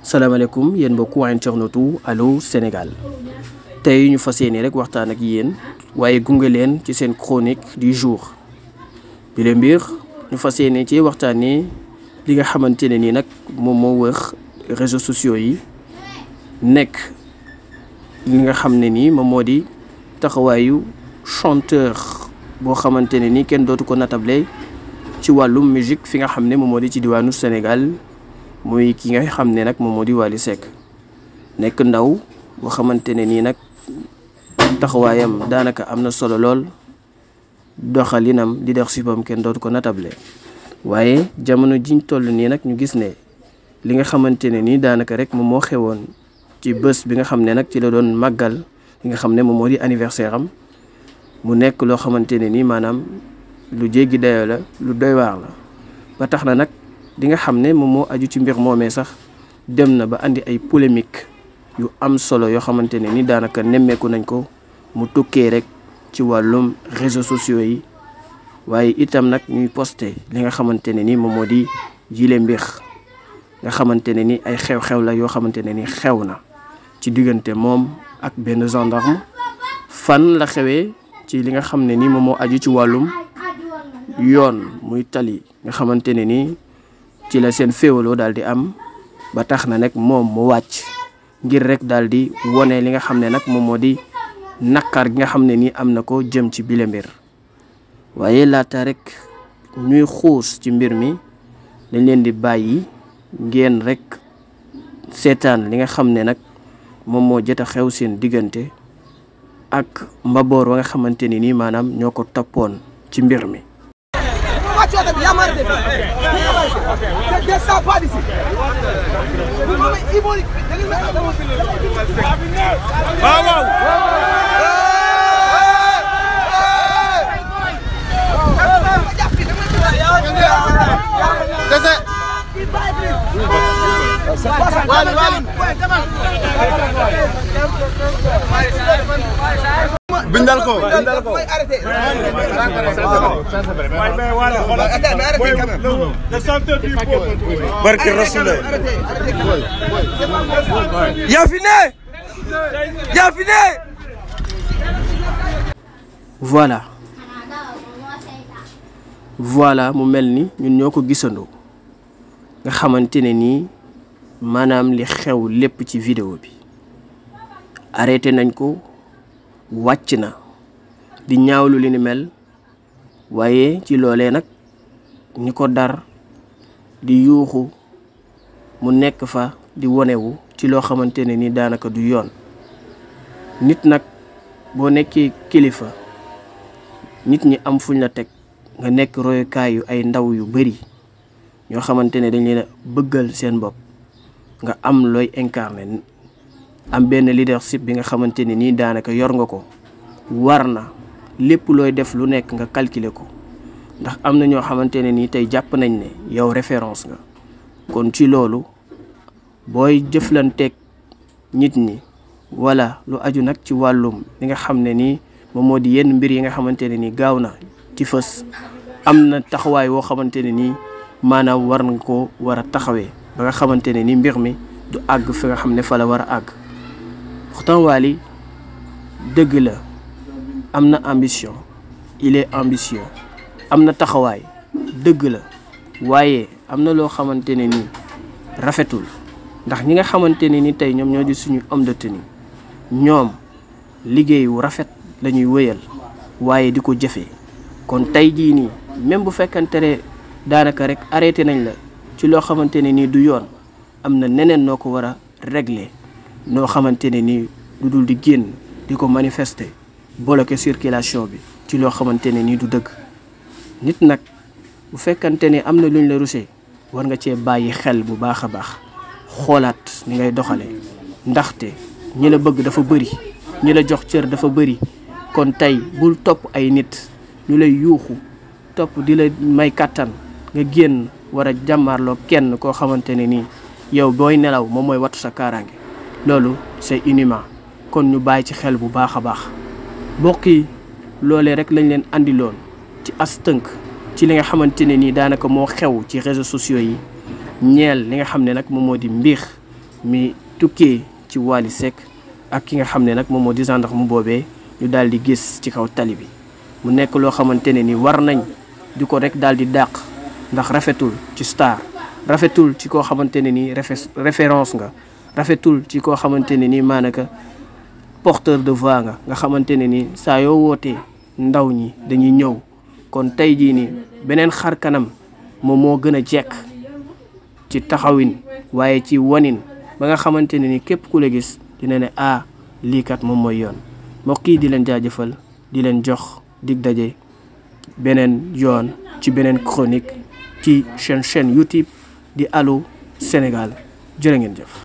salaamaaleykum yéen mbokku waa internetu alo Sénégal tey ñu fas yéene rek waxtaan ak yéen waaye gunge leen ci seen chronique du jour bi mbir ñu fas yéene ci waxtaanee li nga xamante ne nii nag moom moo wër réseaux sociaux yi nekk li nga xam ne nii moom moo di taxawaayu chanteur boo xamante ne nii kenn dootu ko natable ci wàllum musique fi nga xam ne moom moo di ci diwaanu Sénégal muy ki nga xam ne nag moom moo di Wally Seck nekk ndaw boo xamante ne nii nag taxawaayam daanaka am na solo lool doxalinam di dox si bam kenn dootu ko natable waaye jamono jiñ toll nii nag ñu gis ne. li nga xamante ne nii daanaka rek moom moo xewoon ci bës bi nga xam ne nag ci la doon màggal li nga xam ne moom moo di anniversaire am mu nekk loo xamante ne nii maanaam lu jéggi dayoo la lu doy waar la ba tax na nag di nga xam ne moom moo aju ci mbir moomee sax dem na ba indi ay polémique yu am solo yoo xamante ne ni daanaka nemmeeku nañ ko mu tukkee rek ci wàllum réseaux sociaux yi waaye itam nag ñuy posté li nga xamante ne ni moom moo di jile mbir nga xamante ne ni ay xew-xew la yoo xamante ne ni xew na ci diggante moom ak benn gendarme fan la xewee ci li nga xam ne ni moom moo aju ci wàllum yoon muy tali nga xamante ne ni ci la seen féewaloo daal di am ba tax na nag moom mu wàcc ngir rek daal di wone li nga xam ne nag moom moo di naqar gi nga xam ne ni am na ko jëm ci bile mbir waaye laata rek ñuy xuus ci mbir mi dañ leen di bàyyi ngeen rek seetaan li nga xam ne nag moom moo jot a xew seen diggante ak mbaboor wa nga xamante ni nii maanaam ñoo ko toppoon ci mbir mi. bindal ko bindal ko barke voilà voilà mu mel ni ñun ñoo ko gisandoo nga xamante nii maanaam li xew lépp ci vidéo bi arrêté nañ ko wàcc na di ñaawlu li ni mel waaye ci loolee nag ñi ko dar di yuuxu mu nekk fa di wonewu ci loo xamante ne ni daanaka du yoon nit nag boo nekkee kilifa nit ñi am fuñ la teg nga nekk royukaay yu ay ndaw yu bari ñoo xamante ne dañ leen bëggal seen bopp nga am looy incarné am benn leadership bi nga xamante ni nii daanaka yor nga ko war na lépp looy def lu nekk nga calculer ko ndax am na ñoo xamante ne nii tey jàpp nañ ne yow référence nga kon ci loolu booy jëflanteeg nit ñi wala lu aju nag ci wàllum li nga xam ne nii moom moo di yenn mbir yi nga xamante ne nii gaaw na ci fës am na taxawaay woo xamante ne nii maanaam war nga ko war a taxawee ba nga xamante ne ni mbir mi du àgg fi nga xam ne fa la war a àgg pourtant Wally dëgg la am na ambition il est ambitieux am na taxawaay dëgg la waaye am na loo xamante ne ni rafetul ndax ñi nga xamante ne ni tey ñoom ñoo di suñu homme de tenue ñoom liggéey wu rafet la ñuy waaye di ko jëfe kon tey jii nii même bu fekkante ne daanaka rek arrêté nañ la ci loo xamante ne nii du yoon am na neneen noo ko war a régler noo xamante ne nii du dul di génn di ko manifester bloquer circulation bi ci loo xamante ne nii du dëgg nit nag bu fekkante ne am na luñ la rusé war nga cee bàyyi xel bu baax a baax xoolaat ni ngay doxale ndaxte ñi la bëgg dafa bëri ñi la jox cër dafa bëri kon tey bul topp ay nit ñu lay yuuxu topp di la may kàttan nga génn war a jàmmaarloo kenn koo xamante ne nii yow booy nelaw moom mooy watu sa kaaraange loolu c'est uniment kon ñu bàyyi ci xel bu baax a baax mbokk yi loolee rek lañ leen indiloon ci as tënk ci li nga xamante ne nii daanaka moo xew ci réseaux sociaux yi ñeel li nga xam ne nag moom moo di mbiix mi tukkee ci Wally Seck ak ki nga xam ne nag moom moo di ndax mu boobee ñu daal di gis ci kaw tali bi mu nekk loo xamante ne ni war nañ di ko rek daal di dàq ndax rafetul ci star rafetul ci koo xamante ne nii référence nga rafetul ci koo xamante ne nii maanaka porteur de voix nga nga xamante ne nii saa yoo wootee ndaw ñi dañuy ñëw kon tey jii nii beneen xar kanam moom moo gën a jekk ci taxawin waaye ci wanin ba nga xamante ne ni képp ku la gis dina ne ah lii kat moom mooy yoon mbokk yi di leen jaajëfal di leen jox dig daje beneen yoon ci beneen chronique ci chaîne chaîne YouTube di Allô Sénégal jërë ngeen jëf